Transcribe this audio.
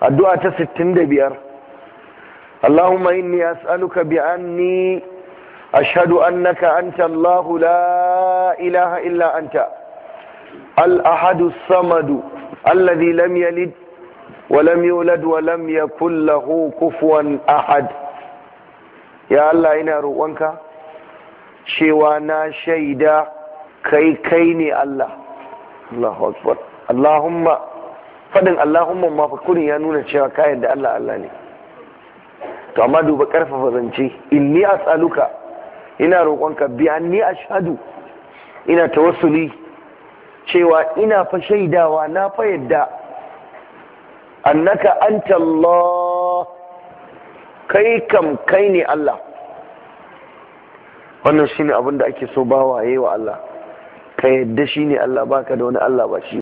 addu'a ta 65 Allahumma inni as'aluka bi anni ashhadu annaka anta Allah la ilaha illa anta al-ahad as-samad alladhi lam yalid wa lam yulad wa lam yakul lahu kufuwan ahad ya Allah ina roƙonka cewa na shaida kai kai ne Allah Allahu akbar Allahumma fadin Allahumma ma fakurin ya nuna cewa kayan da Allah Allah ne to amma duba karfafa zance inni tsaluka ina roƙonka biya, ni a shadu, ina ta tawassuli cewa ina fa shaidawa na fa yadda annaka anta Allah kai kam kai ne Allah wannan shine abin da ake so bawa waye wa Allah ka yadda shine Allah baka da wani Allah ba shi